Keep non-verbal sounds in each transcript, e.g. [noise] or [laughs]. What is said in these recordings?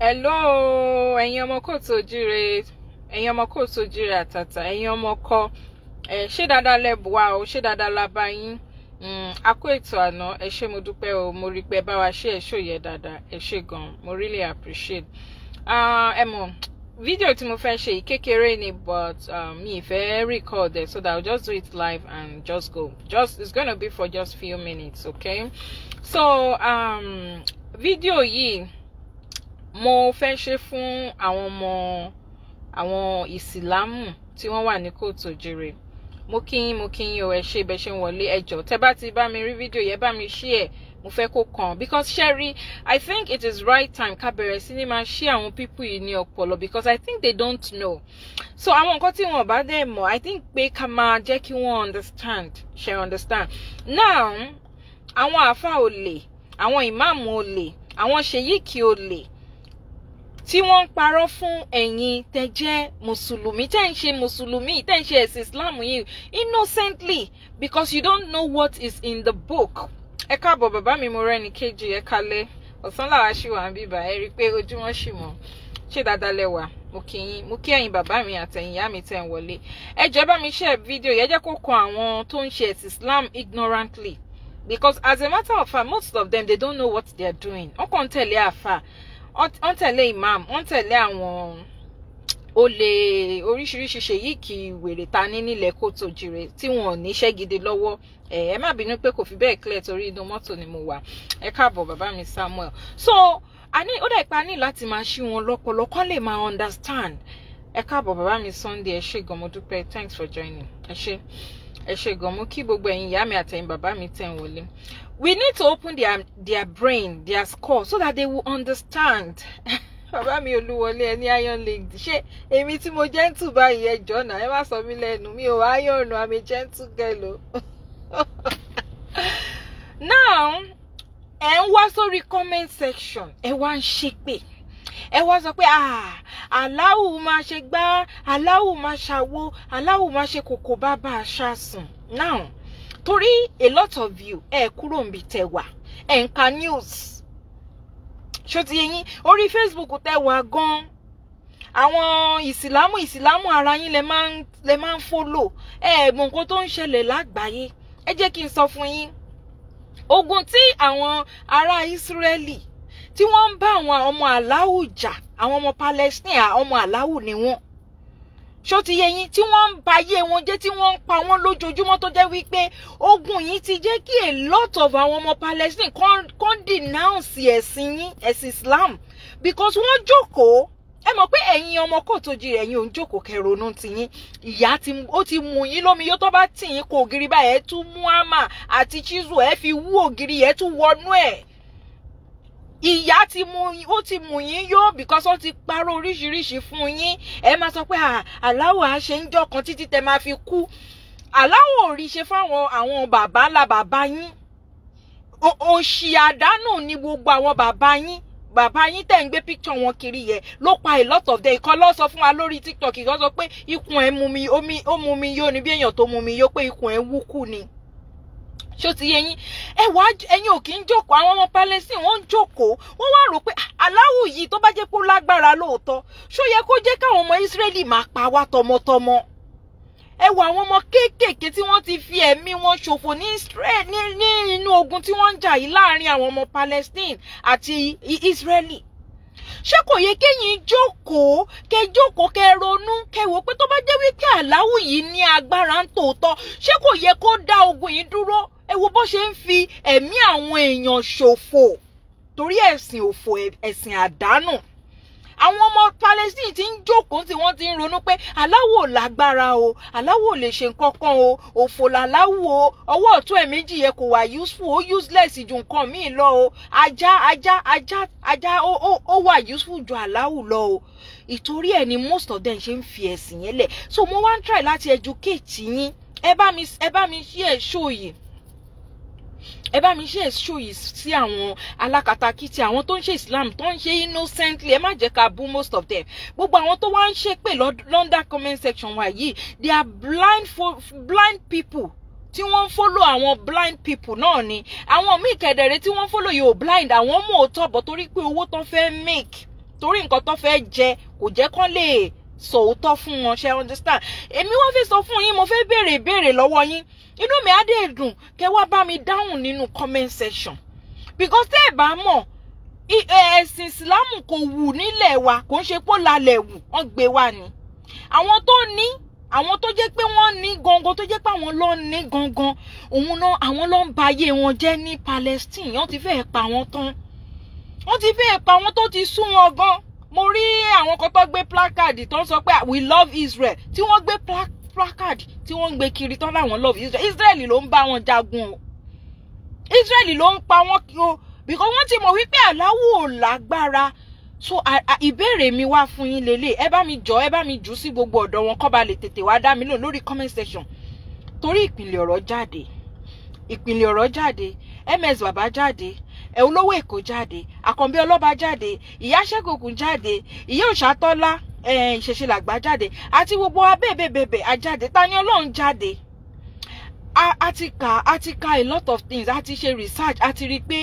hello ẹ̀yin ọmọ kóòtù òjire ẹ̀yin ọmọ kóòtù òjire àtàtà ẹ̀yin ọmọ kọ ẹ̀ ṣé dáadáa lẹ́bù wa o ṣé dáadáa la bá yín mm, a kó ètò àná ẹ ṣé mo dúpẹ́ o mo rí pé bá wa ṣe ẹ ṣó yẹ dáadáa ẹ ṣé gan mo really appreciate ẹ mọ̀ fídíò tí mo fẹ́ ṣe yìí kékeré ni but um, mi um, ìfẹ́ record it so that I'll just do it live and just go just it's gonna be for just few minutes okay so um, fídíò yìí mo fẹ́ ṣe fún àwọn ọmọ àwọn ìsìlámù tí wọ́n wà ní kóòtù jèrè mo kí yín mo kí yín o ẹ ṣe ibẹ ṣe ń wọlé ẹ jọ̀ọ́ tẹ́ bá ti bá mi rí fídíò yẹn bá mi ṣí ẹ mo fẹ́ kó kàn because sherry i think it is right time ká bẹ̀rẹ̀ sí ni máa ṣí àwọn pípù yìí ní ọpọlọ because i think they don't know so àwọn nǹkan tí wọn bá dẹ̀ mọ̀ i think pé ká máa jẹ́ kí wọ́n understand ṣe understand now àwọn àáfàá olè àwọn ìmáàmù olè àwọn ṣèyíkì olè tí wọ́n ń parọ́ fún ẹ̀yin tẹ́ jẹ́ mùsùlùmí tẹ́ ń ṣe mùsùlùmí tẹ́ ń ṣe ẹ̀sìn Islam yìí innocently because you don't know what is in the book. ẹ káàbọ̀ bàbá mi mo rẹ́ni kejì ẹ kalẹ̀ ọ̀sán làwa ṣì wà ń bíbà ẹ rí i pé ojúmọ́ ṣì mọ́ ṣé dáadáa lẹ́wà mo kí yín mo kí ẹ̀yin bàbá mi àtẹ̀yìn ìyá mi tẹ̀ ń wọlé ẹ jẹ́ bá mi ṣe fídíò yẹn jẹ́ kó kan àwọn tó ń ṣe ẹ̀sìn Islam ignorantly because as a matter of fact most of them they don't know what they are doing wọ́n kàn ń tẹ̀lé àfà wọ́n tẹ̀lé imam wọ́n tẹ̀lé àwọn olè oríṣiríṣi ṣèyíkì wèrè ta ní nílẹ̀ kótó jire tí wọn ò níṣẹ́ gidi lọ́wọ́ ẹ ẹ má bínú pé kò fi bẹ́ẹ̀ clear torí inú mọ́tò ni mo wà ẹ káàbọ̀ bàbá mi Samuel so àní ó dẹ̀ pa ní láti máa ṣí wọn lọ́pọlọ kán lè máa understand ẹ káàbọ̀ bàbá mi Sunday ẹ ṣé gan mo dúpẹ́ thanks for joining ẹ ṣé ẹ ṣe kí gbogbo ẹ̀yin ìyá mi àtẹ̀yin bàbá mi tẹ̀ ń wọlé we need to open their their brain their skull so that they will understand [laughs] bàbá mi olúwọlé ẹni iron lady ṣé èmi tí mo gentle báyìí ẹjọ́ náà ẹ má sọ mí lẹ́nu mi ò iron i'm a gentle girl o [laughs] now ẹ ń wá sórí comment section ẹ wá ń ṣépè ẹ wá sọ pé aláwù máa ṣe gbá aláwù máa ṣàwo aláwù máa ṣe kòkò bá bá a ṣàsùn now torí a lot of you ẹ kúrò níbi tẹ wà ẹ ń ka news ṣó yẹn orí Facebook tẹ wà gan-an àwọn ìsìlámù ìsìlámù ara yín lè máa ń fólò ẹ mọ nǹkan tó ń ṣẹlẹ̀ lágbàáyé ẹ jẹ́ kí n sọ fún yín ogun tí àwọn ará Ísírẹ́lì tí wọ́n ń bá àwọn ọmọ aláwù jà àwọn ọmọ Palestine ọmọ aláwù ni wọ́n ṣó ti yẹ yín tí wọ́n ń ba ayé wọn jẹ́ tí wọ́n ń pa wọ́n lójoojúmọ́ tó jẹ́ wípé ogun yìí ti jẹ́ kí a lot of àwọn ọmọ Palestine kan denounce ẹ̀sìn yín ẹ̀sìn Islam because wọ́n jókòó ẹ mọ̀ pé ẹ̀yin ọmọ kò tójú rẹ̀ ẹ̀yin ò ń jókòó kẹrònú tiyín ìyá ó ti mú yín lómi yóò tó bá tì yín kó ògiri báyẹn tún mú àti chisel ẹ fi wú ògiri yẹn tún wọnú ẹ̀ ìyá ti mú ó ti mú yín yó because ó ti parọ́ oríṣiríṣi fún yín ẹ máa sọ pé aláwọ̀ á ṣe ń jọ́ kan títí tẹ máa fi kú aláwọ̀ ò rí ṣe fáwọn àwọn bàbá ńlá bàbá yín òṣì àdánù ni gbogbo àwọn bàbá yín bàbá yín tẹ̀ ń gbé picture wọn kiri yẹn ló pa a lot of day. ìkan ló sọ fún wa lórí tiktok ìkan sọ pé ikùn ẹ̀ mú mi ó mú mi yó ni bí èèyàn tó mú mi yó pé ikùn ẹ̀ wú kù ni ṣó ti yé yín ẹ wá ẹ̀yin ò kì í jókòó àwọn ọmọ palẹsìn wọn ń jókòó wọn wá rò pé ah, aláwù yìí tó bá jẹ́ kó lágbára lóòótọ́ ṣó yẹ kó jẹ́ káwọn ọmọ Ísírẹ́lì máa pa wá tọmọtọmọ ẹ wo àwọn ọmọ kéékèèké tí wọ́n ti fi ẹ̀mí wọn ṣòfò ní Ísírẹ́lì ní inú ogun tí wọ́n ń jà yìí láàrin àwọn ọmọ Palestine àti Ísírẹ́lì ṣé kò yẹ kéyìn jókòó kẹ jókòó kẹ ronú kẹ wò pé tó bá jẹ́ wípé aláwù yìí ní agbára ń tòótọ́ ṣé kò yẹ kó dá ogun yìí dúró ẹ wo bó ṣe ń fi ẹ̀mí àwọn èèyàn ṣòfò torí ẹ̀sìn òfò ẹ̀sìn àdánù àwọn ọmọ Palestine ti ń jókòó tí wọ́n ti ń ronú pé aláwò lágbára o aláwò lè ṣe nǹkan kan o òfò làláwò o ọwọ́ ọ̀tún ẹ̀ méjì yẹn kò wà useful ó useless ju nǹkan míì lọ o ajá ajá ajá ajá ó wà useful ju aláwò lọ o ìtorí ẹ̀ ni most of them ṣe ń fi ẹ̀sìn yẹn lẹ̀ so mo wá ń try láti educate yín ẹ bá mi ẹ bá mi ṣí ẹ̀ ṣó ẹ bá mi ṣe èso yìí sí àwọn alákatakítí àwọn tó ń ṣe Islam tó ń ṣe innocently ẹ má jẹ́ ká bú most of them gbogbo àwọn tó wá ń ṣépè London comment section wa yìí they are blind, for, blind people tí wọ́n ń fọ́lọ̀ àwọn blind people náà ni àwọn míì kẹ̀dẹ̀rẹ́ tí wọ́n ń fọ́lọ̀ yóò blind àwọn mú òótọ́ bọ̀ torí pé owó tán fẹ́ make torí nǹkan tán fẹ́ jẹ kò jẹ́ kán lè sọ òótọ́ fún wọn ṣe understand èmi wọ́n fi sọ fún yín mo fẹ́ béèrè ìbéèrè lọ́wọ́ yín inú mi á dé dùn kẹ wá bá mi dáhùn nínú comment section because tẹ́ ẹ bá mọ̀ ẹ̀sìn ìsìlámù kò wù nílẹ̀ wa kò ń ṣe pé ó lalẹ̀ wù wọ́n gbé wa ni àwọn tó ní àwọn tó jẹ́ pé wọ́n ní gangan tó jẹ́ pé àwọn ló ń ní gangan òun náà àwọn ló ń ba ayé wọn jẹ́ ní Palestine wọ́n ti fẹ́ẹ́ pa wọn tán wọ́n ti fẹ́ẹ́ pa wọn tó ti sú wọn gan mo rí àwọn kan tó gbé placard tó ń sọ pé we love Israel tí wọ́n gbé placard placard tí wọ́n ń gbé kiri tán láwọn love Israel Israel ló ń bá wọn jagun o Israel ló ń pa wọ́n kí o because wọ́n ti mọ̀ wípé aláwò ò lágbára so ìbéèrè mi wá fún yín lélẹ̀ ẹ bá mi jọ ẹ bá mi jù sí gbogbo ọ̀dọ̀ wọn kọ́ ba lè tètè wá dá mi lò lórí comment section torí ìpìlẹ̀ ọ̀rọ̀ jáde ìpìlẹ̀ ọ̀rọ̀ jáde ms baba jáde ẹ olówó èkó jáde àkànbí ọlọ́ba jáde ìyá ṣẹ́gun jáde ìyá òṣàtọ́lá ìṣẹ̀ṣe eh, làgbà jáde àti gbogbo abẹ́ẹ̀bẹ̀bẹ̀bẹ̀ àjáde ta ni ọlọ́run jáde a ti kà a ti kà a lot of things a ti ṣe research a ti rí i pé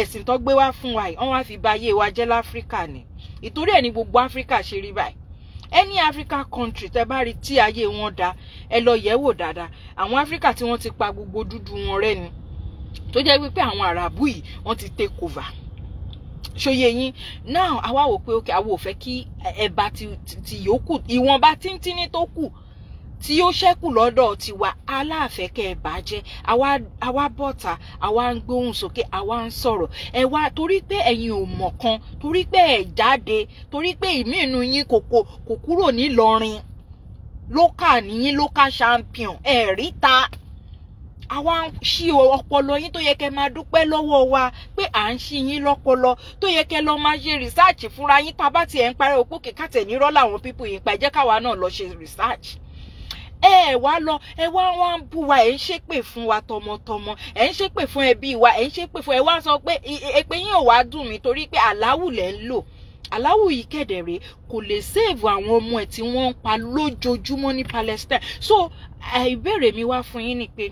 ẹ̀sìn tó gbé wá fún wa yìí wọ́n wá fi ba ayé wa jẹ́ láfíríkà ni ìtorí ẹ̀ ní gbogbo áfíríkà ṣe rí báyìí any african country tẹ bá rí tí ayé wọn da ẹ lọ yẹ̀ wò dáadáa àwọn áfíríkà tí wọ́n ti pa gbogbo dúdú wọn rẹ́ ni tó jẹ́ wípé àwọn àràbù yìí wọ́n ti take over ṣòye yín now àwa wò pé okay àwa ò fẹ́ kí ẹ̀bà ti ti yòókù ìwọ̀nba tíntínní tó kù tí ó ṣẹ́kù lọ́dọ̀ tiwa aláàfẹ́kẹ́ ẹ̀ bàjẹ́ àwa bọ́ta àwa ń gbóhùn sókè àwa ń sọ̀rọ̀ ẹ wá torí pé ẹ̀yin ò mọ̀ kan torí pé ẹ̀ jáde torí pé ìmí yín kò kò kúrò nílọrin lókà nìyín lókà champion ẹ̀ ríta àwa ń ṣí ọpọlọ yín tó yẹ kẹ́ máa dúpẹ́ lọ́wọ́ wa pé à ń ṣí yín lọ́pọlọ tó yẹ kẹ́ lọ máa ṣe rìsáàchì fúnra yín tá a bá tiẹ̀ ń parẹ́ òpó kìkàtẹ̀ nírọ́ làwọn pípò yìí pa ẹ jẹ́ káwa náà lọ ṣe rìsáàchì ẹ wá lọ ẹ wá wá ń bú wa ẹ ń ṣépè fún wa tọmọtọmọ ẹ ń ṣépè fún ẹbí wa ẹ ń ṣépè fún ẹ wá sọ pé èpè yín ò wá dùn mí torí pé aláwù lẹ̀ ń lò aláwù yìí kẹdẹrẹ kò lè sèèvù àwọn ọmọ ẹ tí wọ́n ń pa lójoojúmọ́ ní Palestine so ìbéèrè mi wá fún yín ni pé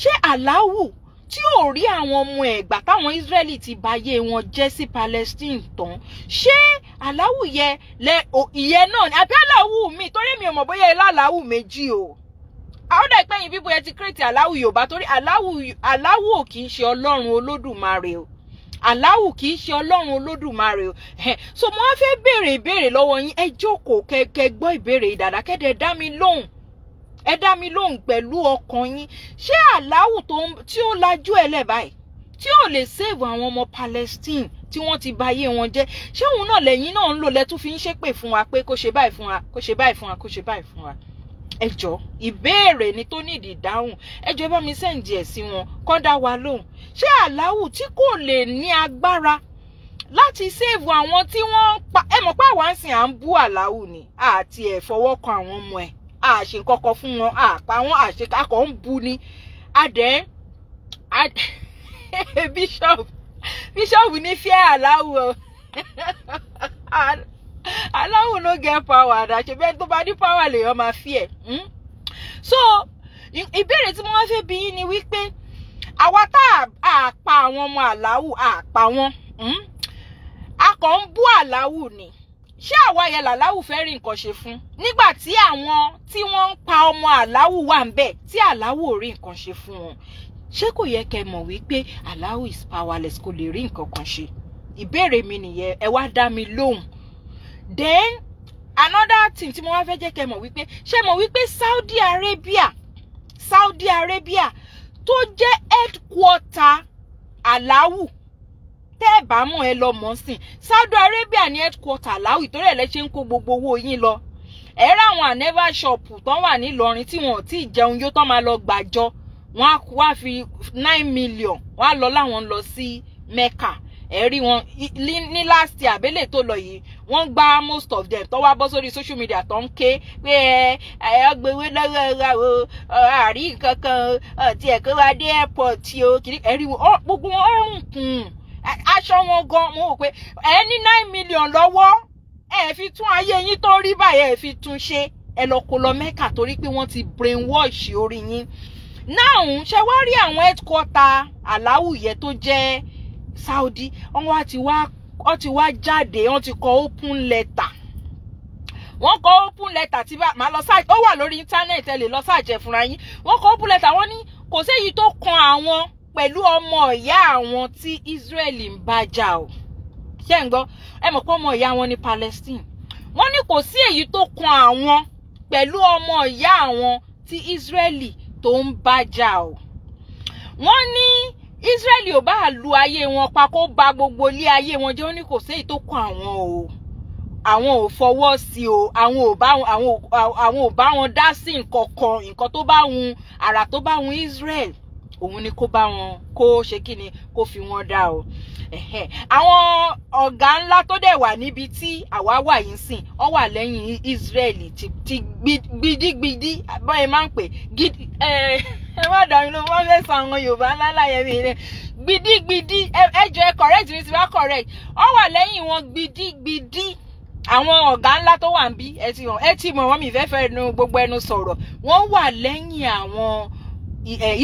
ṣé aláwù tí ò rí àwọn ọmọ ẹ̀gbà táwọn Israeli ti bayé wọn jẹ́ sí Palestine tán ṣé aláwù yẹ lẹ ìyẹn náà ni àbí aláwù mi torí mi ò mọ̀ bóyá ilé aláwù méjì o àwọn dẹ̀ pẹ́yìn bíbu ẹ ti kírètì aláwù Yorùbá torí aláwù ò kì í ṣe Ọlọ́run Olódùmarè o aláwù kì í ṣe ọlọ́run olódùmarè o so mo á fẹ́ béèrè ìbéèrè lọ́wọ́ yín ẹ jókòó kẹ kẹ gbọ́ ìbéèrè ìdàdà kẹ́dẹ̀ dá mi lóhùn ẹ dá mi lóhùn pẹ̀lú ọkàn yín ṣé aláwù tí ó lajú ẹ lẹ̀ báyìí tí ò lè save àwọn ọmọ Palestine tí wọ́n ti bayé wọn jẹ́ ṣé òun náà lẹ́yìn náà ń lò lẹ́tún fi ń ṣépè fún wa pé kó ṣe báyìí fún wa kó ṣe báyìí fún wa kó ṣe báyìí fún wa ẹ jọ̀ọ́ ìbéèrè ni tó nídìí dáhùn ẹ jọ̀ọ́ ẹ bá mi sẹ́ǹdì ẹ̀ sí wọn kó dá wa lóhùn ṣé aláwù tí kò lè ní agbára láti save àwọn tí wọ́n ń pa ẹ mọ̀ pé àwa ń sìn à ń bú aláwù ni àti ẹ̀ fọwọ́ kan àwọn ọmọ ẹ̀ àṣe kọkọ fún wọn àpá wọn àṣe kakọ ń bu ni adẹ [laughs] bishop bishop ní fear aláwù o [laughs] aláwù no get power àdàṣe bẹ́ẹ̀ tó bá ní power lèèyàn máa fear hmm? so ìbéèrè tí mo wá fẹ́ bi yín ni wípé àwa tá a pa àwọn ọmọ aláwù a pa wọn hmm? a kàn ń bú aláwù ni ṣé àwa yẹn làláwù fẹ́ rí nǹkan ṣe fún nígbà tí àwọn tí wọ́n ń pa ọmọ àláwù wà ń bẹ̀ tí àláwù ò rí nǹkan ṣe fún wọn ṣé kò yẹ kẹ́ mọ̀ wípé àláwù is powerless kò lè rí nǹkan kan ṣe ìbéèrè mi nìyẹn ẹ wá dá mi lóhùn then another thing tí mo wá fẹ́ jẹ́ kẹ́ mọ̀ wípé ṣé mọ̀ wípé Saudi Arabia Saudi Arabia tó jẹ́ headquarter àláwù tẹ́ ẹ̀ bá mọ̀ ẹ lọ mọ̀ sìn Saudi Arabia ní headquarter láwùjọ torí ẹ̀ lẹ́ ṣe ń kó gbogbo owó yín lọ ẹ ráwọn ànẹ́fà ṣọ̀pù tán wà nílọrin tí wọn ò tí ì jẹun yóò tán máa lọ gbàjọ wọn á wá fi nine million wọn á lọ láwọn lọ sí Mecca ẹ̀rí wọn ní last year abẹ́lẹ̀ tó lọ yìí wọ́n gba most of them tó wá bọ́ sórí social media tó ń ké pé ẹ ọgbẹ̀wé lọ́wọ́ ra o àrí kankan ọ̀tí ẹ̀kọ́ wa dé airport o kìí ẹ̀rí wọn gbogbo wọn ọ̀rùn kùn Eh, aṣọ wọn gan mo wò pé ẹ ní nine million lọ́wọ́ ẹ fi tún ayé yín tó rí báyìí ẹ fi tún ṣe ẹ lọ kó lọ mẹ́kà torí pé wọ́n ti brainwash orí yín now ṣe wá rí àwọn headquarter aláwùyẹ tó jẹ́ Saudi wọ́n ti wá wọ́n ti wá jáde wọ́n ti kọ open letter wọ́n kọ open letter tí màá lọ sáà ó wà lórí íńtánẹ́ẹ̀tì ẹ lè lọ sáà fúnra yín wọ́n kọ open letter wọ́n ní kò séyìí tó kan àwọn pẹ̀lú ọmọ ìyá àwọn tí Israeli ń bá jà o ṣé ń gbọ́ ẹ mọ̀ pé ọmọ ìyá wọn ní Palestine wọ́n ní kò sí èyí tó kan àwọn pẹ̀lú ọmọ ìyá àwọn tí Israeli tó ń bá jà o wọ́n ní Israeli ò bá lu ayé wọn pa kó ba gbogbo ilé ayé wọn jẹ́ wọ́n ní kò sí èyí tó kan àwọn o àwọn ò fọwọ́ sí o àwọn ò bá wọn dá sí nǹkan kan nǹkan tó bá wun àrà tó bá wun Israel òun ni kó bá wọn kó ṣe kí ni kó fi wọn dá o àwọn ọ̀gá ńlá tó dẹ̀ wà níbi tí àwa wà yìí sìn wọ́n wà lẹ́yìn Israeli ti ti gbidigbidi báyìí máa ń pè gidi ẹ má dàbí ló wọ́n fẹ́ sọ àwọn Yorùbá ńlá láyẹ̀mí rẹ̀ gbidigbidi ẹ jọ ẹ correct mi ti bá correct wọ́n wà lẹ́yìn wọn gbidigbidi àwọn ọ̀gá ńlá tó wà ń bí ẹ ti hàn ẹ ti mọ̀ wọ́n mi fẹ́ fẹ́ nu gbogbo ẹnu sọ̀rọ̀ wọ́n wà lẹ́yìn àwọn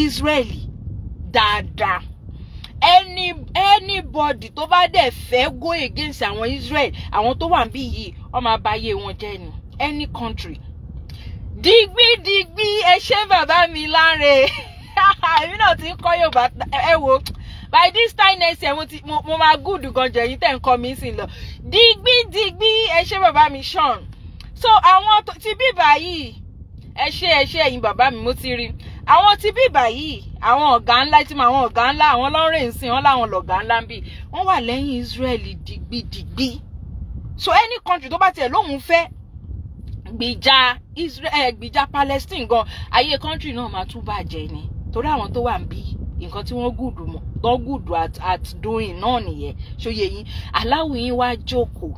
Israeli dáadáa any anybody tó bá dẹ̀ fẹ́ go against àwọn Israel àwọn tó wà níbí yìí ó máa bà ayé wọn jẹ́ ni any country digbidigbi ẹ ṣe bàbá mi láre [laughs] èmi náà ti ń kọ́ Yorùbá ẹ wo by this time next year mo máa gùdù gan jẹ yìí tẹ̀ ń kọ́ mi sí lọ digbidigbi ẹ ṣe bàbá mi Sean so àwọn ti bíbá yìí ẹ ṣe ẹ ṣe ẹ̀yin bàbá mi mo ti rí i àwọn ti bí báyìí àwọn ọ̀gá ńlá tí àwọn ọ̀gá ńlá àwọn lọ́rẹ̀ ń sìn wọ́n láwọn lọ̀gá ńlá ń bì wọ́n wà lẹ́yìn Israel dìgbìdìgbì so any country tó bá tiẹ̀ lóun fẹ́ gbìjà Israel eh, gbìjà Palestine gan ayé country náà máa tún bàjẹ́ ni torí àwọn tó wà ń bí nǹkan tí wọ́n gùdù mọ̀ tó gùdù at at doing náà nìyẹn ṣòye yín aláwọ̀ yín wá jókòó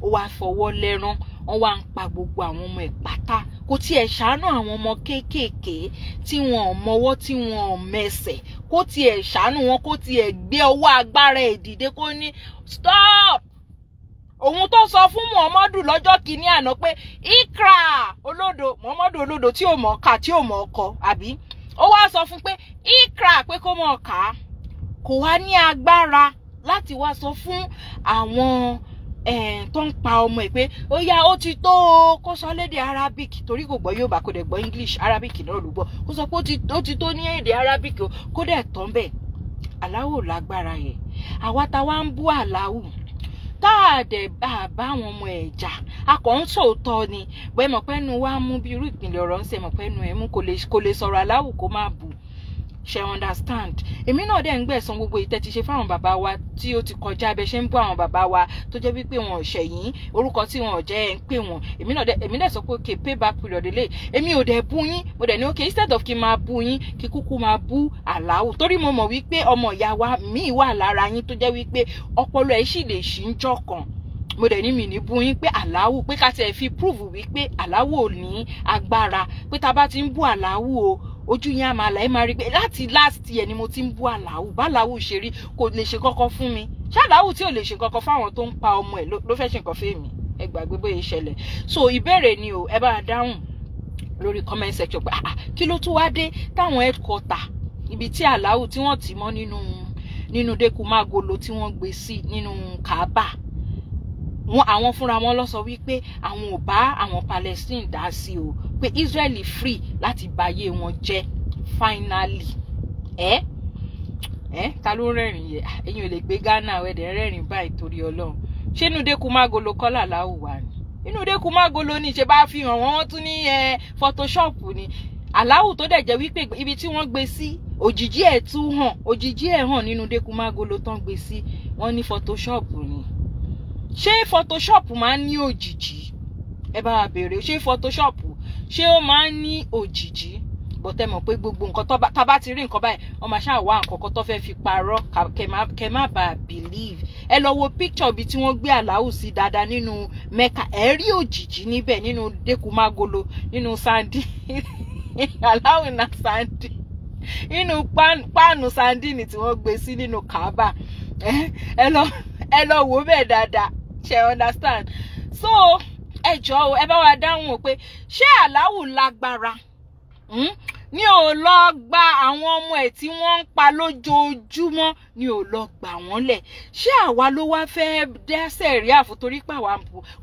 ó wá fọwọ́ lẹ́rán wọ́n wá ń pa gbogbo àwọn ọmọ ẹ̀ pátá kò tiẹ̀ ṣàánú àwọn ọmọ kéékèèké tí wọn ò mọwọ́ tí wọn ò mẹsẹ̀ kó tiẹ̀ ṣàánú wọn kó tiẹ̀ gbé ọwọ́ agbára ẹ̀ dìde ní stop òun tó sọ fún muhammadu lọ́jọ́ kìíní àná pé ikra olódo muhammadu olódo tí ò mọ̀ ká tí ò mọ̀ ọkọ àbí ó wá sọ fún pé ikra pé kó mọ̀ ká kò wá ní agbára láti wá sọ fún Àwọn Eh, tó ń pa ọmọ ẹ̀ pé ó yá ó ti tó o kó sọ lédè arabic torí kò gbọ́ Yorùbá kò dẹ̀ gbọ́ english arabic náà ló gbọ́ kó sọ pé ó ti tó ní èdè arabic o kó dẹ̀ tán bẹ́ẹ̀ aláwò lágbára yẹn àwa ta wá ń bú aláwò tá a dẹ̀ bá a bá àwọn ọmọ ẹ̀ jà a kàn ń sòótọ́ ni bẹ́ẹ̀ mọ̀pẹ́nu wa mú bí irú ìpínlẹ̀ ọ̀rọ̀ ń sẹ́ mọ̀pẹ́nu ẹ̀ mú kò lè sọ̀rọ̀ aláwò kó má bù ú ṣe understand èmi náà dẹ̀ ń gbẹ̀san gbogbo ti ṣe fáwọn bàbá wa tí ó ti kọjá abẹ ṣe ń bọ́ àwọn bàbá wa tó jẹ́ wípé wọn ò ṣẹ̀yìn orúkọ tí wọn ò jẹ́ ẹ̀ ń pè wọ́n èmi náà dẹ̀ èmi náà sọ pé ok payback period lè èmi ò dẹ̀ bú yín mo dẹ̀ ní ok instead of kí n máa bú yín kí kúkú máa bú àláwù torí mo mọ̀ wípé ọmọ ìyá wa míì wà lára yín tó jẹ́ wípé ọpọlọ ẹ̀ sì lè ṣì ń jọ kan mo dẹ̀ ní mi ní bú yín pé àláwù pé ká tiẹ̀ fi prove wípé àláwù ò ní agbára pé ta bá ti ń bú àláwù o ojú yẹn àmà àlà ẹ máa rí pé láti last year ni mo ti ń bú àlàó báláwo ṣe rí kò lè ṣe kankan fún mi ṣáláwù tí ò lè ṣe kankan fáwọn tó ń pa ọmọ ẹ ló fẹ́ ṣe nǹkan fẹ́mi ẹ gbàgbé bóyá ìṣẹ̀lẹ̀ so ìbéèrè ni o ẹ bá a dáhùn lórí comment section pé ah, ah kí ló tún wá dé táwọn headquarter ibi tí àlàó tí wọ́n ti mọ́ nínú nínú dẹ́kun mágolo tí wọ́n gbé sí nínú kaaba wọn àwọn fúnra wọn lọ sọ wípé àwọn ò bá àwọn Palestine dá sí o pé Israeli free láti báyé wọn jẹ́ finally ẹ ẹ ta ló rẹ́rìn yẹ ah, ẹ̀yin ò lè gbé Ghana ẹdẹ rẹ́rìn báyìí torí Ọlọ́run ṣé inú dẹkùn mágolo kọlà láwù wà ní inú dẹkùn mágolo ní ṣe bá fi hàn wọn wọn tún ní ẹ Photoshop ni aláwù tó dẹ̀ jẹ́ wípé ibi tí wọ́n gbé sí òjìjí ẹ̀ tún hàn òjìjí ẹ̀ hàn nínú dẹkùn mágolo tán gbé sí wọ́n ní Photoshop ni ṣé photoshop máa ń ní òjìji ẹ bá wa béèrè ṣé photoshop ṣé ó máa ń ní òjìji bó tẹ mọ̀ pé gbogbo nǹkan tá bá ti rí nǹkan báyìí wọ́n máa ṣáà wá nǹkan kan tó fẹ́ fi parọ́ kẹ má bàa believe ẹ lọ wo picture bíi tí wọ́n gbé àláwù sí dáadáa nínú mẹ́ka ẹ rí òjìji níbẹ̀ nínú dẹ́kumagolo nínú sandi [laughs] aláwù na sandi nínú páànù sandini tí wọ́n gbé sí nínú kaaba [laughs] ẹ lọ ẹ bẹ́ẹ̀ dáadáa ṣe understand so ẹ jọ̀ọ́ ẹ bá wa dáhùn pé ṣé aláwù lágbára ni hmm? ò lọ gba àwọn ọmọ ẹ̀ tí wọ́n ń pa lójoojúmọ́ ni ò lọ gbà wọ́n lẹ̀ ṣé àwa ló wá fẹ́ẹ́ dẹ́sẹ̀ rí àfotorí pàwá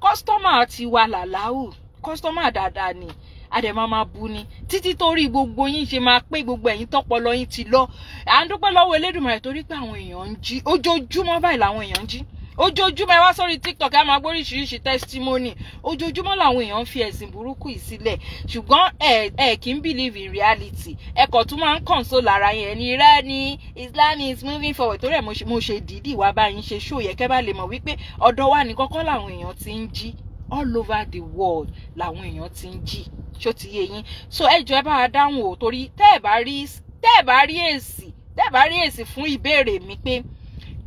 kọ́sítọ́mà ti wa làláwù kọ́sítọ́mà dáadáa ni àdèmá máa bu ni títí torí gbogbo yín ṣe máa pé gbogbo ẹ̀yin tọpọlọ yín ti lọ à ń dúpẹ́ lọ́wọ́ Elédùmarè torí pé àwọn èèyàn ń jí ojoojúmọ́ báyìí làwọn èèyàn ń jí ojoojúmọ́ ẹ wá sórí tiktok ẹ máa gbóríṣiríṣi testimony ojoojúmọ́ làwọn èèyàn ń fi ẹ̀sìn burúkú yìí sílẹ̀ ṣùgbọ́n ẹ ẹ kì í believe in reality ẹ kò tún máa ń console ara yẹn ní irá ni islam is moving forward torí ẹ mo ṣe dìídì wá bá yín ṣe ṣó yẹ kẹ́ bá lè mọ̀ wípé ọ̀dọ̀ wa ní kọ́kọ́ làwọn èèyàn ti ń jí all over the world làwọn èèyàn ti ń jí ṣó ti yé yín so ẹ jọ ẹ bá wa dáhùn o torí tẹ́ ẹ bá rí tẹ́ ẹ bá rí èsì tẹ́ ẹ bá rí èsì fún ìbéèrè mi pé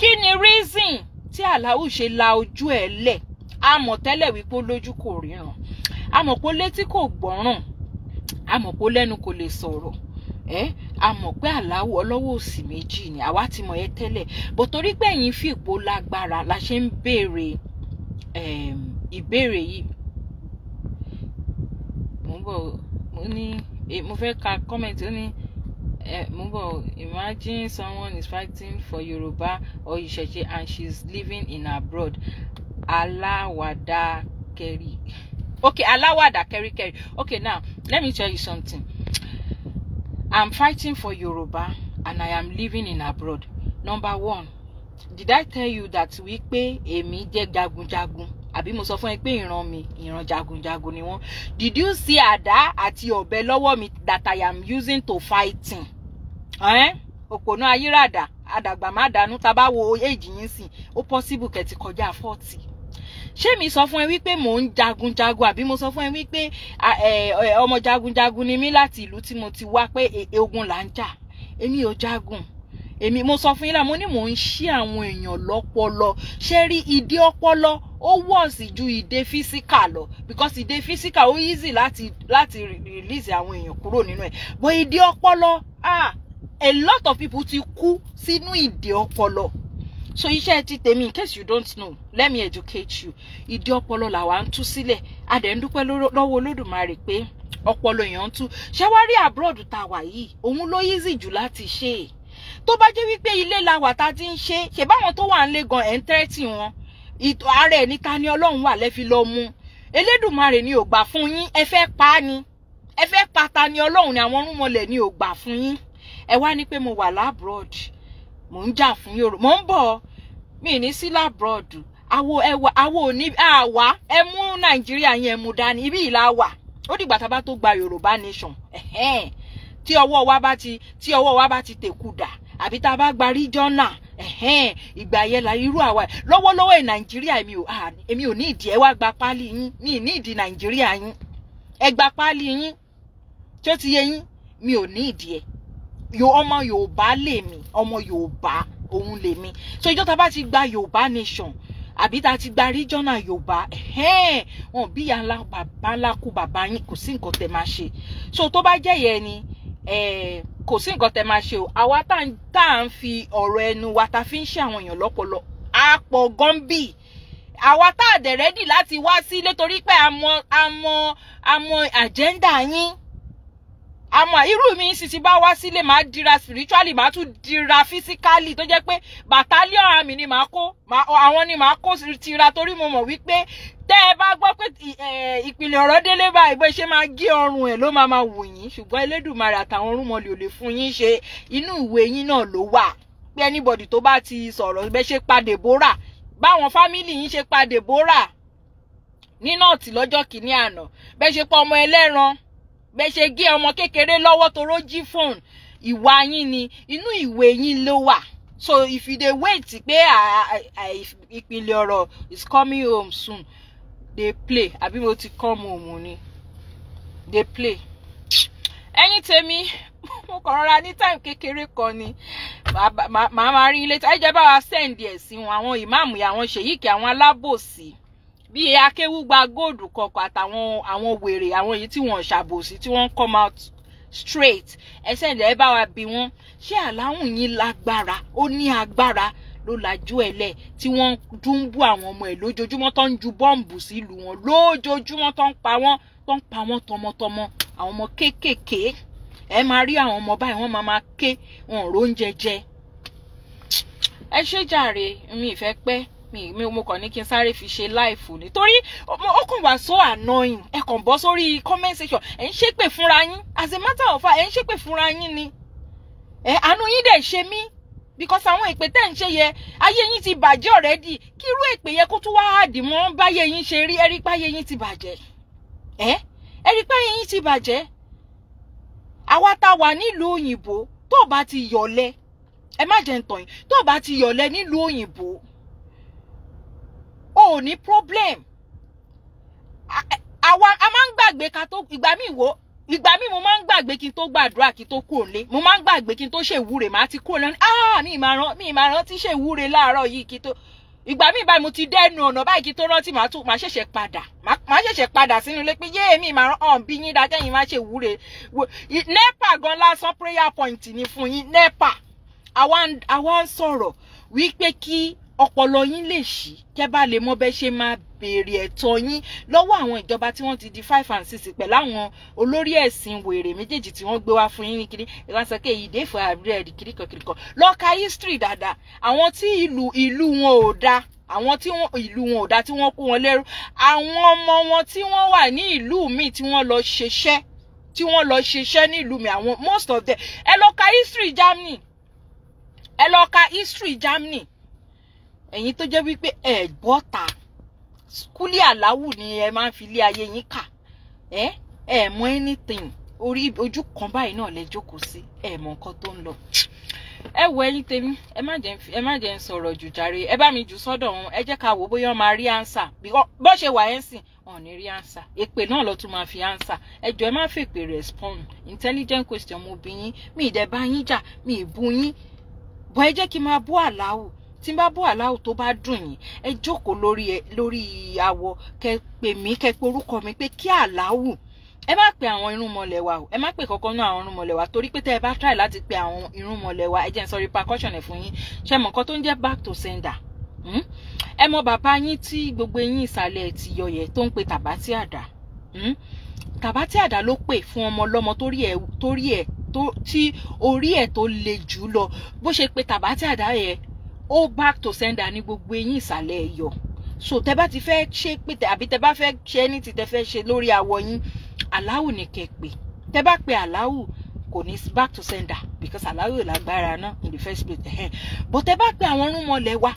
kí ni reason tí aláwù ṣe la ojú ẹ̀ lẹ̀ a mọ̀ tẹ́lẹ̀ wípé lójú kò ríran a mọ̀ pé létí kò gbọ́ràn a mọ̀ pé lẹ́nu kò lè sọ̀rọ̀ ẹ a mọ̀ pé aláwù ọlọ́wọ́ òsì méjì ni àwa ti mọ̀ yẹn tẹ́lẹ̀ bó torí pé ẹ̀yin fìpó lágbára la ṣe ń béèrè ìbéèrè yìí mo ń bọ̀ mo ní mo fẹ́ ka kọ́mẹ̀ntì ó ní. Eh, Mubo, imagine someone is fighting for Yoruba or Isheche and she's living in abroad. Alawada Keri. Okay, Alawada Keri Keri. Okay, now, let me tell you something. I'm fighting for Yoruba and I am living in abroad. Number one, did I tell you that we pay èmi jagun jagun? àbí mo sọ fún ẹ pé ìran mi ìran jagunjagun ni wọ́n did you see ada àti ọ̀bẹ lọ́wọ́ mi that I am using to fighting òpònà ayíràdà àdàgbà má dànù tá a bá wo éèjì yín sìn ó pọ́síbù kẹ̀tì kọjá fọ́ọ̀tì ṣé mi sọ fún ẹ wípé mò ń jagunjagun àbí mo sọ fún ẹ wípé ọmọ jagunjagun ni mí láti ìlú tí mo ti wá pé ogun e, là ń jà èmi ò jagun èmi mo sọ fún yín láà mo ní mò ń ṣí àwọn èèyàn lọ́pọlọ ṣé rí ìdí ọpọlọ ó wọ̀sì ju ìdè físíkà lọ because ìdè físíkà ó easy láti láti release àwọn èèyàn kúrò nínú ẹ̀ but ìdè ọpọlọ ah a lot of people ti kú sínú ìdè ọpọlọ so iṣẹ́ ti tèmi in case you don't know let me educate you ìdè ọpọlọ làwa ń tú sílẹ̀ a dẹ̀ ń dúpẹ́ lọ́wọ́ olódùmarè pé ọpọlọ èèyàn tú ṣé abroad tá a wà yìí òun ló easy jù láti ṣe é tó bá jẹ́ wípé ilé la wà tá a ti ń ṣe ṣe báwọn tó wà ń lé gan ẹ̀ ń wọn ìtò ara ẹ̀ níta ni ọlọ́run wà lẹ́fi lọ mú elédùnmarè ni ò gbà fún yín ẹ fẹ́ pa ni ẹ fẹ́ pa ta ni ọlọ́run ni àwọn rúmọlẹ̀ ni ò gbà fún yín ẹ wá ní pé mo wà lábroad mò ń jà fún Yorùbá mò ń bọ̀ mí ní sí lábroad àwo ẹwà àwo òní àwa ẹ mú Nàìjíríà yẹn mú dání ibí ìlà wà ó dìgbà tá a bá tó gba Yorùbá nation tí ọwọ́ wa bá ti tí ọwọ́ wa bá ti tèkú dà àbí tá a bá gba regional ẹ̀hẹ́n ìgbà yẹn la irú àwa lọ́wọ́lọ́wọ́ ẹ̀ nàìjíríà èmi ò èmi ò ní ìdí ẹ wá gba páálí yín mi ì ní ìdí nàìjíríà yín ẹ gba páálí yín tí ó ti yẹ yín mi ò ní ìdí ẹ yo ọmọ Yorùbá lèmi ọmọ Yorùbá òun lèmi so ìjọ ta bá ti gba Yorùbá nation àbí tá a ti gba regional Yorùbá wọn bí yàrá bàbá ńlá kú bàbá yín kò sí nǹkan tẹ máa ṣe so tó bá jẹ́ yẹn ni kò sí nǹkan tẹ máa ṣe o àwa tá à ń fi ọ̀rọ̀ ẹnu wa ta fi ń ṣe àwọn èèyàn lọ́pọlọ àpọ̀ gọ́ńbì àwa tá a dẹ̀ rẹ́dì láti wá sílé torí pé a mọ a mọ àjẹ́ńdà yín àmọ́ irú mi sì ti bá wá sílé màá dira spiritually màá tún dira physically tó jẹ́ pé battalion army ni màá kó àwọn ni màá kó tira torí mo mọ̀ wípé tẹ́ ẹ bá gbọ́ pé ìpìlẹ̀ ọ̀rọ̀ délé báyìí bó ṣe máa gé ọrùn ẹ̀ ló máa máa wò yín ṣùgbọ́n Elédùmarè àtàwọn orúnmọ̀lẹ̀ ò lè fún yín ṣe inú ìwé yín náà ló wà pé anybody tó bá ti sọ̀rọ̀ bẹ́ ṣe pa Deborah báwọn fámìlì yín ṣe pa Deborah ní nọ́ọ̀tì lọ́jọ́ kìíní àná bẹ́ ṣe pa ọmọ ẹlẹ́ran bẹ́ẹ̀ ṣe gé ọmọ kékeré lọ́wọ́ toró jí fóònù ìwà yín ni inú ìwé yín ló wà so if you dey wait pé ìpìlẹ̀ ọ̀rọ̀ is coming home soon dey play àbí mo ti come home ni dey play ẹ̀yin tèmi [laughs] mo kàn rọra ní time kékeré kan ni màá máa rí ilé tí ẹ jẹ́ bá wa send ẹ̀ sí wọn àwọn ìmáàmù yà wọn ṣèyíkì àwọn alábòsí. Si bíi akéwú gba góòdù kọkọ àtàwọn àwọn wèrè àwọn èyí tí wọn ṣàbòsí tí wọn come out straight ẹsẹ ìdẹ ẹ bá wa bí wọn ṣé àláhùn yín lágbára ó ní agbára ló lajú ẹ lẹ tí wọn dúnbú àwọn ọmọ ẹ lójoojúmọ́ tó ń ju bọ́ǹbù sílùú wọn lójoojúmọ́ tó ń pa wọn tó ń pa wọn tọmọtọmọ àwọn ọmọ kéékèèké ẹ máa rí àwọn ọmọ báyìí wọn máa máa ké wọn ò róúnjẹ jẹ ẹ ṣe jàre mi ìfẹ́ pẹ́ mi mi mo kàn ní kí n sáré fi ṣe láìfò ni ó kàn wá so annoying ẹ kàn bọ́ sórí comment section ẹ̀ ń ṣépè fúnra yín as a matter of fact ẹ̀ ń ṣépè fúnra yín ni ẹ̀ àánú yín dẹ̀ ṣe mí because àwọn èpè tẹ́ ń ṣe yẹ ayé yín ti bàjẹ́ already kí irú èpè yẹ kó tún wá àdì mọ́ báyé yín ṣe rí ẹ̀rí páyé yín ti bàjẹ́ ẹ̀ ẹ̀rí páyé yín ti bàjẹ́ àwa tá a wà nílùú òyìnbó tó o bá ti yọ̀lẹ̀ ẹ má jẹ́ tọ̀yìn tó o bá ti yọ̀lẹ̀ nílùú òyìnbó ò ní problem àwa a máa ń gbàgbé ká tó ìgbà míì wo ìgbà míì mo máa ń gbàgbé kí n tó gbàdúrà kí n tó kúrò nílé mo máa ń gbàgbé kí n tó ṣèwúre màá ti kúrò lọ́nà ah mi ìmà mi ìmà rán ti ṣèwúre láàárọ̀ yìí kí n tó ìgbà míì báyìí mo ti dẹ́nu ọ̀nà báyìí kí n tó rántí màá tún màá ṣẹ̀ṣẹ̀ padà màá ṣẹ̀ṣẹ̀ padà sínú ilé pé yéé mi ìmà rán ọ̀n bí yín dájẹ́ yín máa ṣèwúre nepa gan lásán prayer point ni fún yín nepa àwa ń sọ̀rọ̀ wípé kí ọpọlọ yín lè ṣí kẹ́ bá lè mọ bẹ́ ṣe máa béèrè ẹ̀tọ́ yín lọ́wọ́ àwọn ìjọba tí wọ́n ti di five and six pẹ̀lú àwọn olórí ẹ̀sìn wèrè méjèèjì tí wọ́n gbé wá fún yín kiri ìwàsókè ìdè fún àbúrẹ́ẹ̀dì kirikọkirikọ lọ ka history dáadáa àwọn tí ìlú ìlú wọn ò dáa àwọn tí wọn ìlú wọn ò dáa tí wọ́n kó wọn lẹ́rú àwọn ọmọ wọn tí wọ́n wà ní ìlú míì tí wọ́n lọ ṣiṣẹ́ tí wọ́n lọ ṣiṣẹ́ nílùú mi àwọn most of them ẹ lọ history Germany ẹ lọ history Germany ẹ̀yin tó jẹ́ wípé ẹ̀ gbọ́ta kúlí àláwù ni ẹ máa ń fi ilé ayé yín kà ẹ ẹ mọ anything orí ojú kan báyìí náà lẹ jókòó sí ẹ mọ nǹkan tó ń lọ ẹ wo ẹ̀yin tèmi ẹ má jẹ́ ẹ má jẹ́ ń sọ̀rọ̀ jù jàre ẹ bá mi jù sọ́dọ̀ wọn ẹ jẹ́ ká wò bóyá wọ́n rí ánsà bó ṣe wà ẹ́ sìn wọn ò ní rí ánsà èpè náà lọ máa fi ánsà ẹ ẹ má fèpè respond intelligent question mo bí yín mi ì dẹ̀ bá yín jà mi ì bú yín bọ́ ẹ jẹ́ kí n máa bú àláwù tí n bá bọ́ aláwọ̀ tó bá dùn yín ẹ jókòó lórí lórí kẹ pè mí kẹ pe orúkọ mi pé kí aláwù ẹ má pe àwọn irúnmọlẹ̀ wa o ẹ má pe kankan náà àwọn irúnmọlẹ̀ wa torí pé tẹ ẹ bá try láti pe àwọn irúnmọlẹ̀ wa ẹ jẹ́ n sọ repercussion ẹ̀ fún yín ṣe mọ̀ nǹkan tó ń jẹ́ back to sender hmm? ẹ mọ bàbá yín tí gbogbo eyín ìsàlẹ̀ ti yọyẹ tó ń pe tàbátí àdá tàbátí àdá ló pè fún ọmọ ọlọ́mọ torí ẹ̀ torí ẹ̀ tí orí ẹ̀ tó le jù lọ bó ṣe pe tàbátí àdá yẹ ó back to sender ní gbogbo eyín ìsàlẹ̀ ẹ̀yọ so tẹ bá ti fẹ́ ṣe pé àbí tẹ bá fẹ́ ṣe ẹni tí tẹ fẹ́ ṣe lórí awọ yín aláwù ni kẹ pé tẹ bá pe aláwù kò ní back to sender because aláwù lágbára náà in the first place bó tẹ bá pe àwọn rúnmọlẹ̀ wa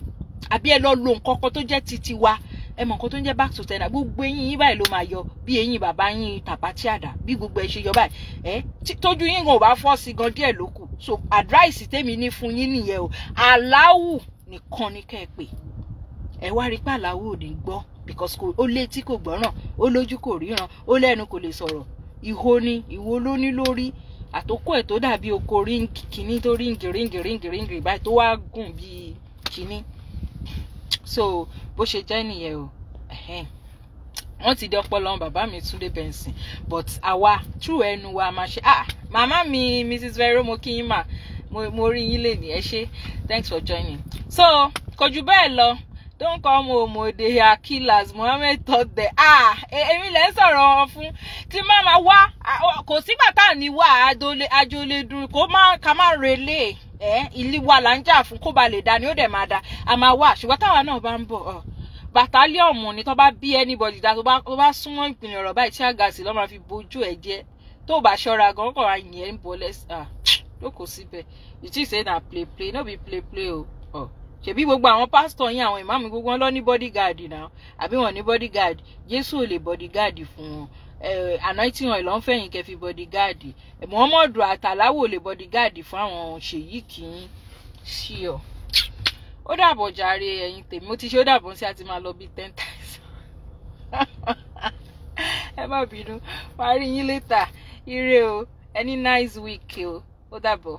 àbí ẹ lọ lo nǹkan kan tó jẹ́ titi wa ẹ mọ̀ nǹkan tó ń jẹ́ back to sender gbogbo eyín yín báyìí ló máa yọ bí eyín bàbá yín tàbá tí àdá bí gbogbo ẹ ṣe yọ báyìí ẹ tójú yín gan ò bá fọ́ sí gan díẹ̀ ló so advice tèmi ní fún yín nìyẹn o aláwù nìkan ni kẹ́ ẹ pè ẹ wá rí pé aláwù ò ní gbọ́ because ó létí kò gbọ́ràn ó lójú kò ríran ó lẹ́nu kò lè sọ̀rọ̀ ìho ni ìwo ló ní lórí àtòkò ẹ̀ tó dàbí oko ríǹgì kìíní tó ríǹgì ríǹgì ríǹgì ríǹgì báyìí tó wá gùn bíi kìíní so bó ṣe jẹ́ nìyẹn o wọ́n ti dé ọpọlọ wọn bàbá mi Túndé Benson but àwa true ẹnu wa máa ṣe ah màmá mi Mrs Vero mo kí yín mà mo rí yín lè ní ẹ ṣe thanks for joining so kò bẹ́ẹ̀ lọ don't come home o they are killers Mohammed thought that ah e, èmi lẹ́ ń sọ̀rọ̀ wọn fún tí má máa wá kò sígbà tá à ní wá ajoledun kó má ká má relé ẹ ilé wa là ń jà fún kó ba lè dá ni ó dẹ̀ máa dá a máa wá ṣùgbọ́n táwa náà bá ń bọ̀ ọ́ bàtálíọ̀mù ni tó bá bí anybody dá tó bá tó bá súnmọ́ ìpìlẹ̀ ọ̀rọ̀ báyìí tí àgàsì lọ́ máa fi bójú ẹ̀ jẹ́ tó bá ṣọ́ra gan kọ̀ wáá yẹn ń bọ̀ lẹ́sà lóko ah, síbẹ̀ you think say na play play no be play play o ọ̀ oh, ṣèbí gbogbo àwọn pásítọ̀ yín àwọn ìmáàmù gbogbo wọn lọ ní bodyguard náà àbí wọn ní bodyguard Jésù ò lè bodyguard fún wọn eh, anointing oil ló ń fẹ̀yìn kẹfì bodyguard eh, Muhammadu àtàláwò lè bodyguard fún àwọn ṣèyí kì í sí ọ ó dàbọ̀ jàre ẹ̀yin tèmi mo ti ṣe ó dàbọ̀ sí àti máa lọ bíi ten times [laughs] ẹ má bínú parí yín later ire o ẹni nice week o ó dàbọ̀.